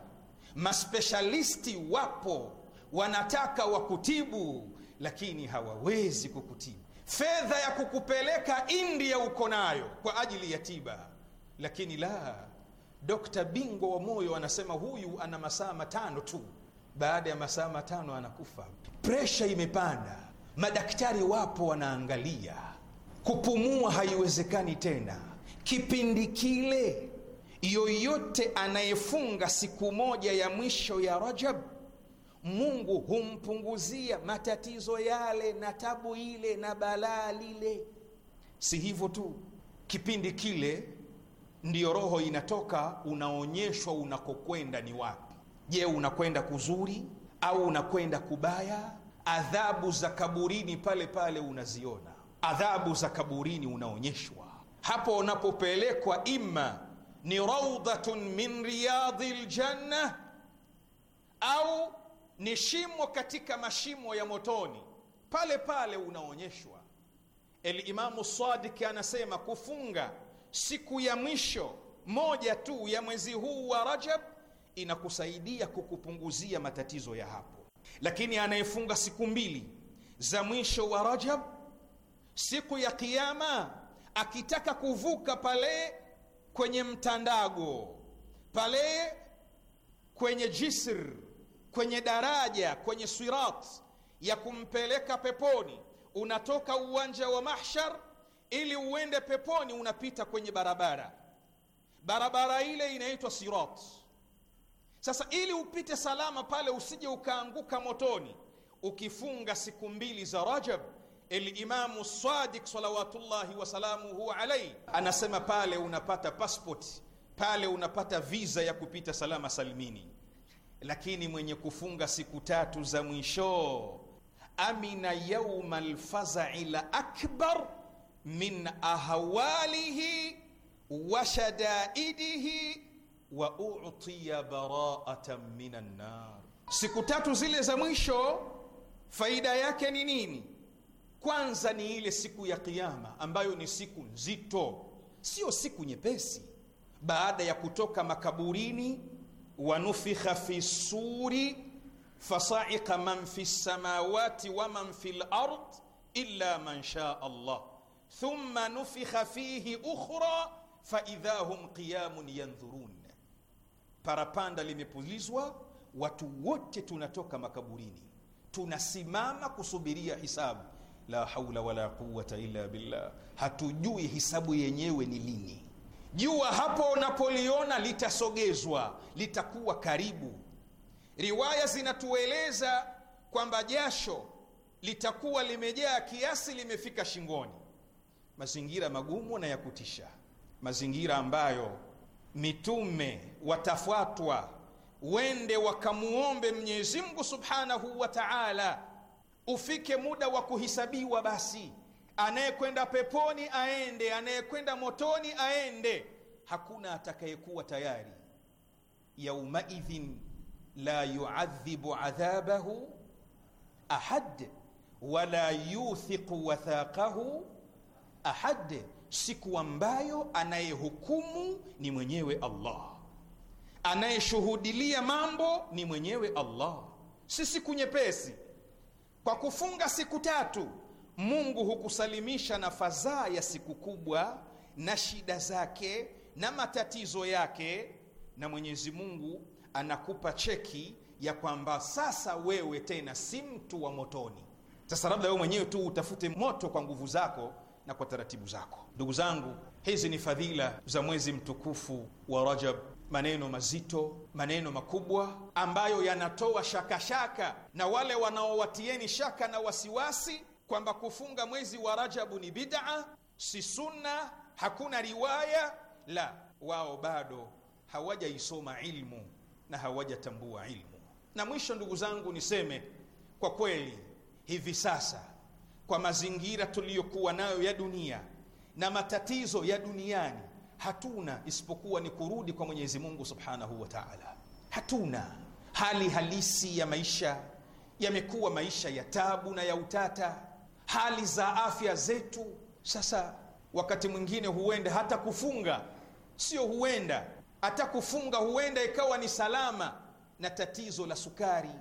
maspeshalisti wapo, wanataka wakutibu, lakini hawawezi kukutibu. Fedha ya kukupeleka India uko nayo kwa ajili ya tiba, lakini la dokta bingwa wa moyo anasema huyu ana masaa matano tu, baada ya masaa matano anakufa. Presha imepanda Madaktari wapo wanaangalia, kupumua haiwezekani tena. Kipindi kile yoyote anayefunga siku moja ya mwisho ya Rajab, Mungu humpunguzia matatizo yale na tabu ile na balaa lile. Si hivyo tu, kipindi kile ndiyo roho inatoka, unaonyeshwa unakokwenda ni wapi. Je, unakwenda kuzuri au unakwenda kubaya? adhabu za kaburini pale pale unaziona, adhabu za kaburini unaonyeshwa hapo unapopelekwa, imma ni raudhatun min riyadhi ljanna, au ni shimo katika mashimo ya motoni, pale pale unaonyeshwa. Elimamu Sadiki anasema kufunga siku ya mwisho moja tu ya mwezi huu wa Rajab inakusaidia kukupunguzia matatizo ya hapo lakini anayefunga siku mbili za mwisho wa Rajab siku ya Kiyama akitaka kuvuka pale kwenye mtandago pale kwenye jisr kwenye daraja kwenye sirat ya kumpeleka peponi, unatoka uwanja wa mahshar ili uende peponi, unapita kwenye barabara. Barabara ile inaitwa sirat. Sasa ili upite salama pale, usije ukaanguka motoni, ukifunga siku mbili za Rajab. Elimamu Sadiq salawatullahi wasalamuhu alaihi anasema pale unapata passport, pale unapata visa ya kupita salama salimini. Lakini mwenye kufunga siku tatu za mwisho, amina yauma lfazai la akbar min ahwalihi wa shadaidihi wa utiya bara'atan minan nar. Siku tatu zile za mwisho faida yake ni nini? Kwanza ni ile siku ya Kiyama ambayo ni siku nzito, sio siku nyepesi. Baada ya kutoka makaburini, wanufikha fi suri fasaiqa man fi samawati wa man fi lard illa man sha Allah thumma nufikha fihi ukhra faidha hum qiyamun yandhurun parapanda limepulizwa, watu wote tunatoka makaburini, tunasimama kusubiria hisabu. La haula wala quwata illa billah, hatujui hisabu yenyewe ni lini. Jua hapo unapoliona litasogezwa, litakuwa karibu. Riwaya zinatueleza kwamba jasho litakuwa limejaa kiasi limefika shingoni. Mazingira magumu na ya kutisha, mazingira ambayo mitume watafuatwa, wende wakamuombe Mwenyezi Mungu Subhanahu wa Ta'ala. Ufike muda wa kuhisabiwa, basi anayekwenda peponi aende, anayekwenda motoni aende, hakuna atakayekuwa tayari. Yaumaidhin la yuadhibu adhabahu ahad wala yuthiqu wathaqahu ahad siku ambayo anayehukumu ni mwenyewe Allah, anayeshuhudilia mambo ni mwenyewe Allah. Si siku nyepesi. Kwa kufunga siku tatu, Mungu hukusalimisha na fadhaa ya siku kubwa na shida zake na matatizo yake, na Mwenyezi Mungu anakupa cheki ya kwamba sasa wewe tena si mtu wa motoni. Sasa labda wewe mwenyewe tu utafute moto kwa nguvu zako na kwa taratibu zako. Ndugu zangu, hizi ni fadhila za mwezi mtukufu wa Rajab, maneno mazito, maneno makubwa ambayo yanatoa shakashaka na wale wanaowatieni shaka na wasiwasi kwamba kufunga mwezi wa Rajabu ni bid'a, si sunna, hakuna riwaya. La, wao bado hawajaisoma ilmu na hawajatambua ilmu. Na mwisho, ndugu zangu, niseme kwa kweli hivi sasa kwa mazingira tuliyokuwa nayo ya dunia na matatizo ya duniani, hatuna isipokuwa ni kurudi kwa Mwenyezi Mungu Subhanahu wa Ta'ala. Hatuna hali halisi ya maisha, yamekuwa maisha ya tabu na ya utata, hali za afya zetu. Sasa wakati mwingine huenda hata kufunga sio, huenda hata kufunga huenda ikawa ni salama, na tatizo la sukari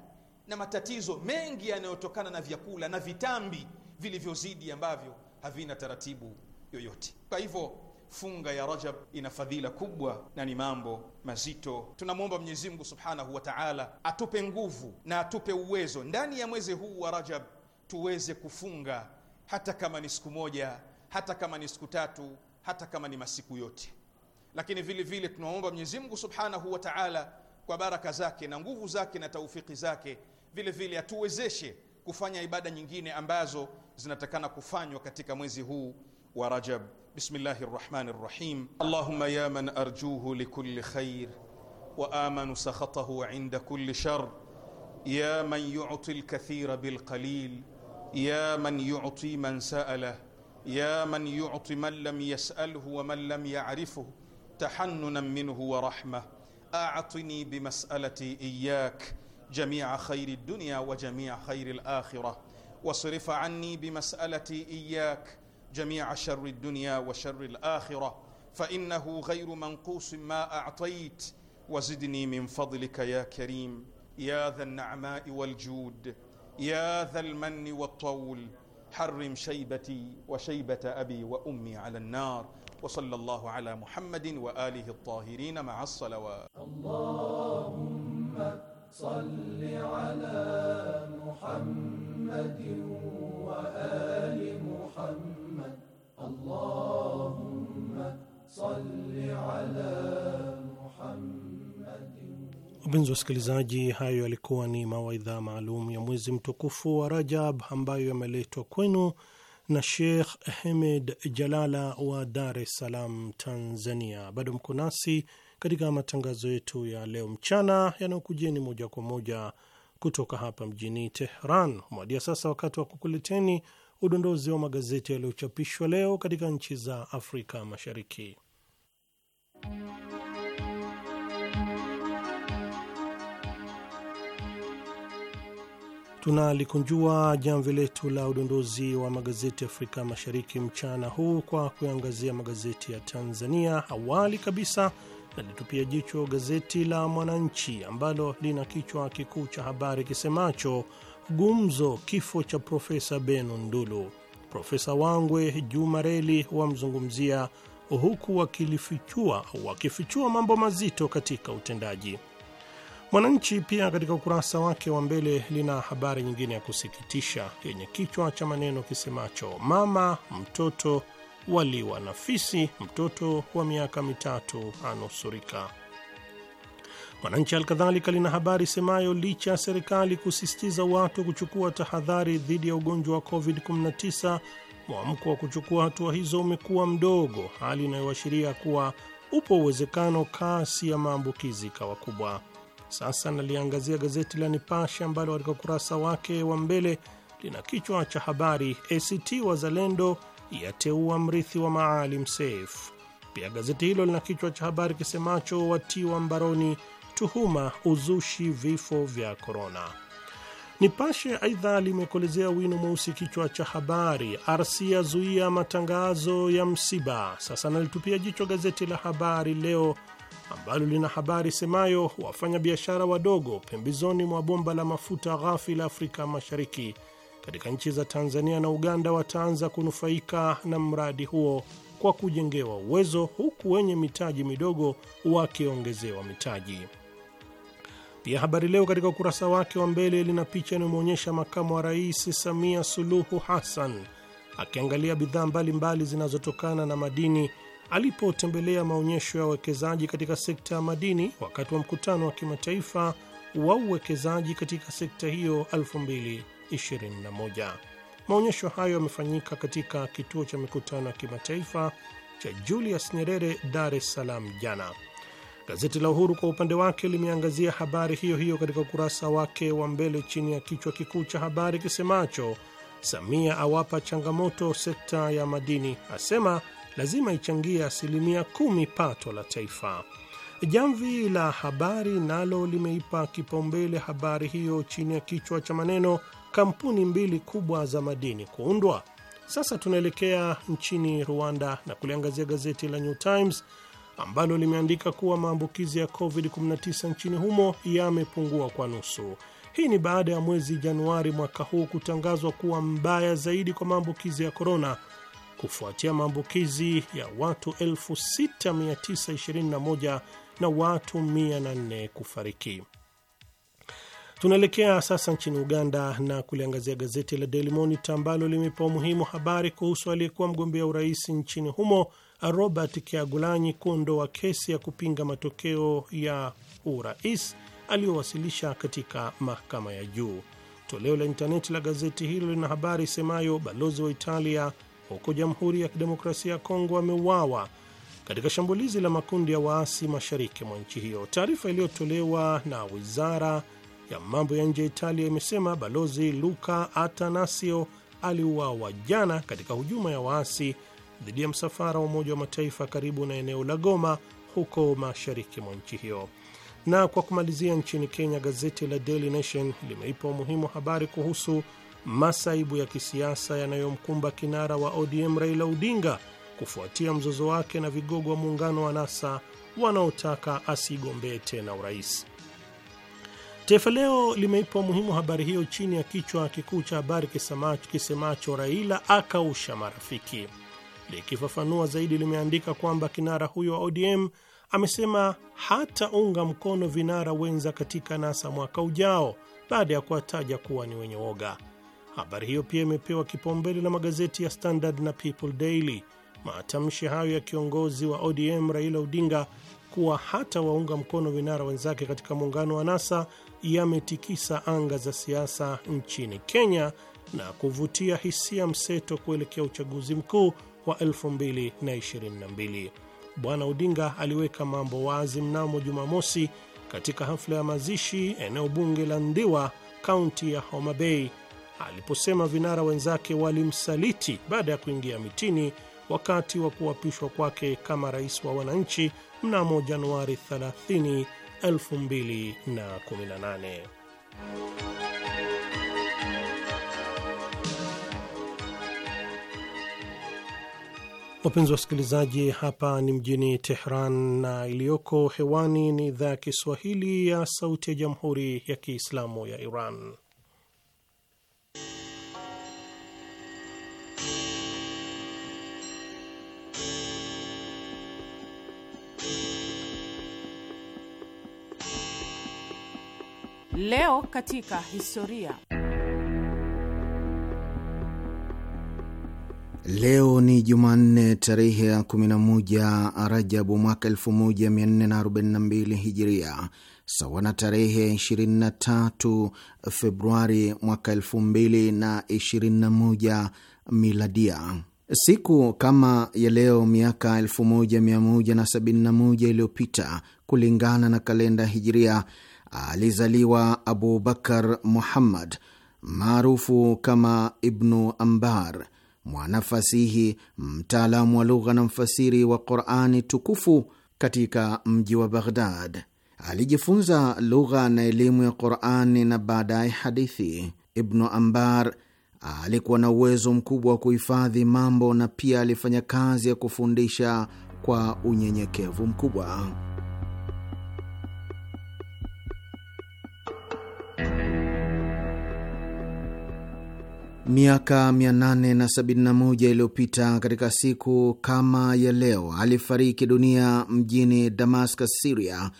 na matatizo mengi yanayotokana na vyakula na vitambi vilivyozidi ambavyo havina taratibu yoyote. Kwa hivyo funga ya Rajab ina fadhila kubwa na ni mambo mazito. Tunamwomba Mwenyezi Mungu Subhanahu wa Ta'ala atupe nguvu na atupe uwezo ndani ya mwezi huu wa Rajab tuweze kufunga hata kama ni siku moja, hata kama ni siku tatu, hata kama ni masiku yote. Lakini vile vile tunamwomba Mwenyezi Mungu Subhanahu wa Ta'ala kwa baraka zake na nguvu zake na taufiki zake, vile vile atuwezeshe kufanya ibada nyingine ambazo zinatakana kufanywa katika mwezi huu wa Rajab. Bismillahir Rahmanir Rahim. Allahumma ya man arjuhu likulli khair wa amanu sakhatahu inda kulli shar ya man yu'ti al-kathira bil qalil ya man yu'ti man sa'ala ya man yu'ti man lam yas'alhu wa man lam ya'rifuh tahannunan minhu wa rahmah a'tini bi mas'alati iyyak jami'a khair ad-dunya wa jami'a khair al-akhirah واصرف عني بمسالتي اياك جميع شر الدنيا وشر الاخره فانه غير منقوص ما اعطيت وزدني من فضلك يا كريم يا ذا النعماء والجود يا ذا المن والطول حرم شيبتي وشيبه ابي وامي على النار وصلى الله على محمد واله الطاهرين مع الصلوات اللهم صل على محمد محمد وآل محمد اللهم صل على محمد. Wapenzi wasikilizaji, hayo yalikuwa ni mawaidha maalum ya mwezi mtukufu wa Rajab ambayo yameletwa kwenu na Sheikh hemed Jalala wa Dar es Salaam, Tanzania. Bado mko nasi katika matangazo yetu ya leo mchana yanayokujeni moja kwa moja kutoka hapa mjini Tehran. Umewadia sasa wakati wa kukuleteni udondozi wa magazeti yaliyochapishwa leo katika nchi za Afrika Mashariki. Tunalikunjua jamvi letu la udondozi wa magazeti Afrika Mashariki mchana huu kwa kuangazia magazeti ya Tanzania. Awali kabisa nalitupia jicho gazeti la Mwananchi ambalo lina kichwa kikuu cha habari kisemacho gumzo kifo cha Profesa benu Ndulu. Profesa Wangwe Juma Reli wamzungumzia huku wakilifichua wakifichua mambo mazito katika utendaji. Mwananchi pia katika ukurasa wake wa mbele lina habari nyingine ya kusikitisha yenye kichwa cha maneno kisemacho mama mtoto waliwa na fisi. Mtoto wa miaka mitatu anusurika. Mwananchi alkadhalika lina habari semayo licha ya serikali kusisitiza watu kuchukua tahadhari dhidi ya ugonjwa wa COVID-19, mwamko wa kuchukua hatua hizo umekuwa mdogo, hali inayoashiria kuwa upo uwezekano kasi ya maambukizi ikawa kubwa. Sasa naliangazia gazeti la Nipashe ambalo katika ukurasa wake wa mbele lina kichwa cha habari ACT Wazalendo yateua mrithi wa Maalim Seif. Pia gazeti hilo lina kichwa cha habari kisemacho watiwa mbaroni tuhuma uzushi vifo vya korona. Nipashe aidha limekolezea wino mweusi kichwa cha habari RC yazuia matangazo ya msiba. Sasa nalitupia jicho gazeti la Habari Leo ambalo lina habari semayo wafanyabiashara wadogo pembezoni mwa bomba la mafuta ghafi la Afrika Mashariki katika nchi za Tanzania na Uganda wataanza kunufaika na mradi huo kwa kujengewa uwezo, huku wenye mitaji midogo wakiongezewa mitaji. Pia Habari Leo katika ukurasa wake wa mbele lina picha inayomwonyesha makamu wa rais Samia Suluhu Hassan akiangalia bidhaa mbalimbali zinazotokana na madini alipotembelea maonyesho ya uwekezaji katika sekta ya madini wakati wa mkutano wa kimataifa wa uwekezaji katika sekta hiyo 2021. Maonyesho hayo yamefanyika katika kituo cha mikutano ya kimataifa cha Julius Nyerere, Dar es Salaam jana. Gazeti la Uhuru kwa upande wake limeangazia habari hiyo hiyo katika ukurasa wake wa mbele chini ya kichwa kikuu cha habari kisemacho Samia awapa changamoto sekta ya madini, asema lazima ichangie asilimia kumi pato la taifa. Jamvi la Habari nalo limeipa kipaumbele habari hiyo chini ya kichwa cha maneno kampuni mbili kubwa za madini kuundwa. Sasa tunaelekea nchini Rwanda na kuliangazia gazeti la New Times ambalo limeandika kuwa maambukizi ya COVID-19 nchini humo yamepungua kwa nusu. Hii ni baada ya mwezi Januari mwaka huu kutangazwa kuwa mbaya zaidi kwa maambukizi ya korona kufuatia maambukizi ya watu 6921 na watu 104 kufariki. Tunaelekea sasa nchini Uganda na kuliangazia gazeti la Daily Monitor ambalo limepa umuhimu habari kuhusu aliyekuwa mgombea urais nchini humo Robert Kyagulanyi kuondoa kesi ya kupinga matokeo ya urais aliyowasilisha katika mahakama ya juu. Toleo la intaneti la gazeti hilo lina habari isemayo balozi wa Italia huko Jamhuri ya Kidemokrasia ya Kongo ameuawa katika shambulizi la makundi ya waasi mashariki mwa nchi hiyo. Taarifa iliyotolewa na wizara ya mambo ya nje ya Italia imesema balozi Luka Atanasio aliuawa jana katika hujuma ya waasi dhidi ya msafara wa Umoja wa Mataifa karibu na eneo la Goma huko mashariki mwa nchi hiyo. Na kwa kumalizia, nchini Kenya, gazeti la Daily Nation limeipa umuhimu habari kuhusu masaibu ya kisiasa yanayomkumba kinara wa ODM Raila Odinga kufuatia mzozo wake na vigogo wa muungano wa NASA wanaotaka asigombee tena urais. Taifa Leo limeipa umuhimu habari hiyo chini ya kichwa kikuu cha habari kisemacho Raila akausha marafiki. Likifafanua zaidi, limeandika kwamba kinara huyo wa ODM amesema hataunga mkono vinara wenza katika NASA mwaka ujao baada ya kuwataja kuwa ni wenye woga. Habari hiyo pia imepewa kipaumbele na magazeti ya Standard na People Daily. Matamshi hayo ya kiongozi wa ODM Raila Odinga kuwa hata waunga mkono vinara wenzake katika muungano wa NASA yametikisa anga za siasa nchini Kenya na kuvutia hisia mseto kuelekea uchaguzi mkuu wa 2022. Bwana Odinga aliweka mambo wazi mnamo Jumamosi katika hafla ya mazishi eneo bunge la Ndiwa, kaunti ya Homa Bay, aliposema vinara wenzake walimsaliti baada ya kuingia mitini wakati wa kuapishwa kwake kama rais wa wananchi mnamo Januari 30 2018. Wapenzi wasikilizaji, hapa ni mjini Tehran na iliyoko hewani ni idhaa ya Kiswahili ya Sauti ya Jamhuri ya Kiislamu ya Iran. Leo katika historia. Leo ni Jumanne tarehe ya 11 Rajabu mwaka 1442 Hijiria, sawa na tarehe 23 Februari mwaka 2021 Miladia. Siku kama ya leo miaka 1171 iliyopita kulingana na kalenda Hijiria alizaliwa Abu Bakar Muhammad maarufu kama Ibnu Ambar, mwanafasihi mtaalamu wa lugha na mfasiri wa Qurani tukufu katika mji wa Baghdad. Alijifunza lugha na elimu ya Qurani na baadaye hadithi. Ibnu Ambar alikuwa na uwezo mkubwa wa kuhifadhi mambo na pia alifanya kazi ya kufundisha kwa unyenyekevu mkubwa. Miaka 871 iliyopita katika siku kama ya leo alifariki dunia mjini Damascus, Siria,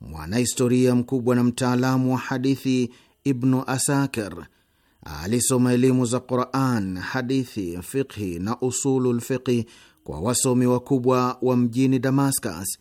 mwanahistoria mkubwa na mtaalamu wa hadithi Ibnu Asakir. Alisoma elimu za Quran, hadithi, fiqhi na usulul fiqhi kwa wasomi wakubwa wa mjini Damascus.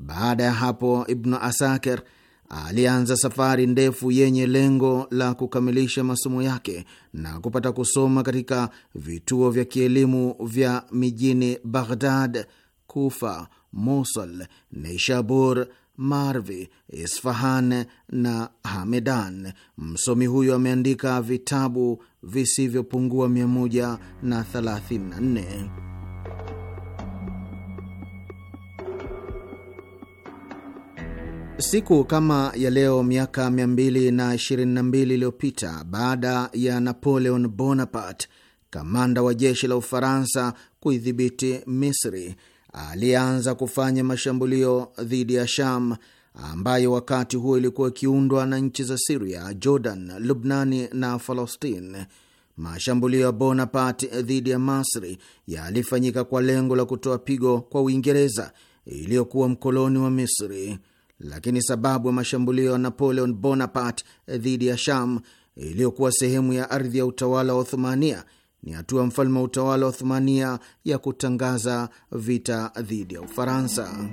Baada ya hapo, Ibnu Asakir alianza safari ndefu yenye lengo la kukamilisha masomo yake na kupata kusoma katika vituo vya kielimu vya mijini Baghdad, Kufa, Mosul, Neishabur, Marvi, Isfahan na Hamedan. Msomi huyo ameandika vitabu visivyopungua 134. Siku kama ya leo miaka 222 iliyopita, baada ya Napoleon Bonaparte, kamanda wa jeshi la Ufaransa, kuidhibiti Misri, alianza kufanya mashambulio dhidi ya Sham ambayo wakati huo ilikuwa ikiundwa na nchi za Siria, Jordan, Lubnani na Palestine. Mashambulio ya Bonaparte dhidi ya Masri yalifanyika kwa lengo la kutoa pigo kwa Uingereza iliyokuwa mkoloni wa Misri lakini sababu ya mashambulio ya Napoleon Bonaparte eh, dhidi ya Sham iliyokuwa sehemu ya ardhi ya utawala wa Othumania ni hatua mfalme wa utawala wa Othumania ya kutangaza vita dhidi ya Ufaransa.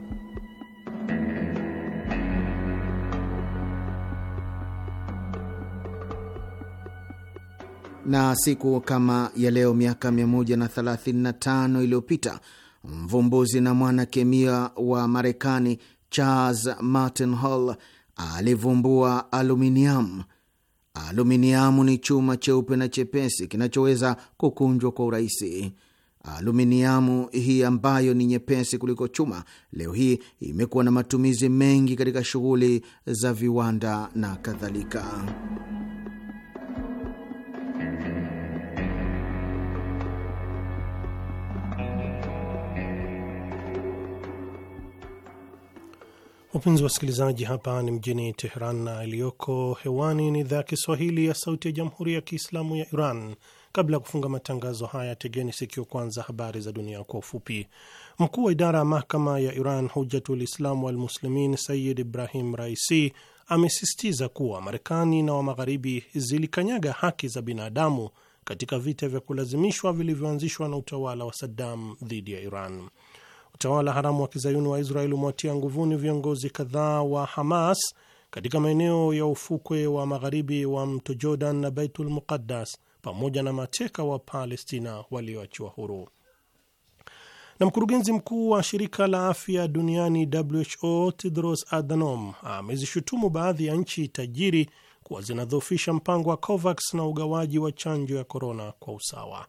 Na siku kama ya leo miaka 135 iliyopita mvumbuzi na mwanakemia wa Marekani Charles Martin Hall alivumbua aluminiamu. Aluminiamu ni chuma cheupe na chepesi kinachoweza kukunjwa kwa urahisi. Aluminiamu hii ambayo ni nyepesi kuliko chuma, leo hii imekuwa na matumizi mengi katika shughuli za viwanda na kadhalika. Wapenzi wasikilizaji, hapa ni mjini Teheran na iliyoko hewani ni idhaa ya Kiswahili ya Sauti ya Jamhuri ya Kiislamu ya Iran. Kabla ya kufunga matangazo haya, tegeni sikio kwanza habari za dunia kwa ufupi. Mkuu wa idara ya mahakama ya Iran Hujatul Islamu Walmuslimin Sayid Ibrahim Raisi amesisitiza kuwa Marekani na wa Magharibi zilikanyaga haki za binadamu katika vita vya kulazimishwa vilivyoanzishwa na utawala wa Saddam dhidi ya Iran. Utawala haramu wa kizayuni wa Israeli umewatia nguvuni viongozi kadhaa wa Hamas katika maeneo ya ufukwe wa magharibi wa mto Jordan na Baitul Muqaddas pamoja na mateka wa Palestina walioachiwa huru. Na mkurugenzi mkuu wa shirika la afya duniani WHO Tedros Adhanom amezishutumu baadhi ya nchi tajiri kuwa zinadhoofisha mpango wa COVAX na ugawaji wa chanjo ya korona kwa usawa.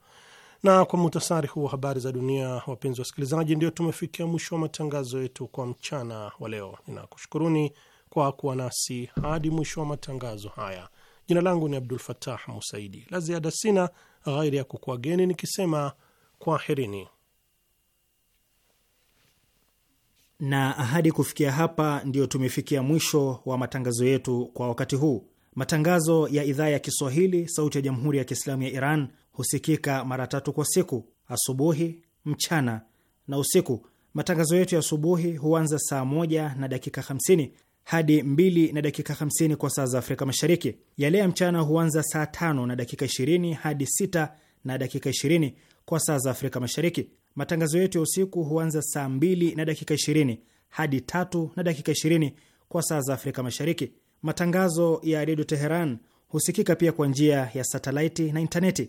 Na kwa muhtasari huu wa habari za dunia, wapenzi wasikilizaji, ndio tumefikia mwisho wa matangazo yetu kwa mchana wa leo. Ninakushukuruni kwa kuwa nasi hadi mwisho wa matangazo haya. Jina langu ni Abdul Fatah Musaidi. La ziada sina ghairi ya kukuageni nikisema kwaherini na ahadi. Kufikia hapa, ndiyo tumefikia mwisho wa matangazo yetu kwa wakati huu. Matangazo ya idhaa ya Kiswahili, Sauti ya Jamhuri ya Kiislamu ya Iran husikika mara tatu kwa siku: asubuhi, mchana na usiku. Matangazo yetu ya asubuhi huanza saa moja na dakika 50 hadi 2 na dakika 50 kwa saa za Afrika Mashariki. Yale ya mchana huanza saa tano na dakika 20 hadi 6 na dakika 20 kwa saa za Afrika Mashariki. Matangazo yetu ya usiku huanza saa 2 na dakika 20 hadi tatu na dakika 20 kwa saa za Afrika Mashariki. Matangazo ya Redio Teheran husikika pia kwa njia ya satelaiti na intaneti.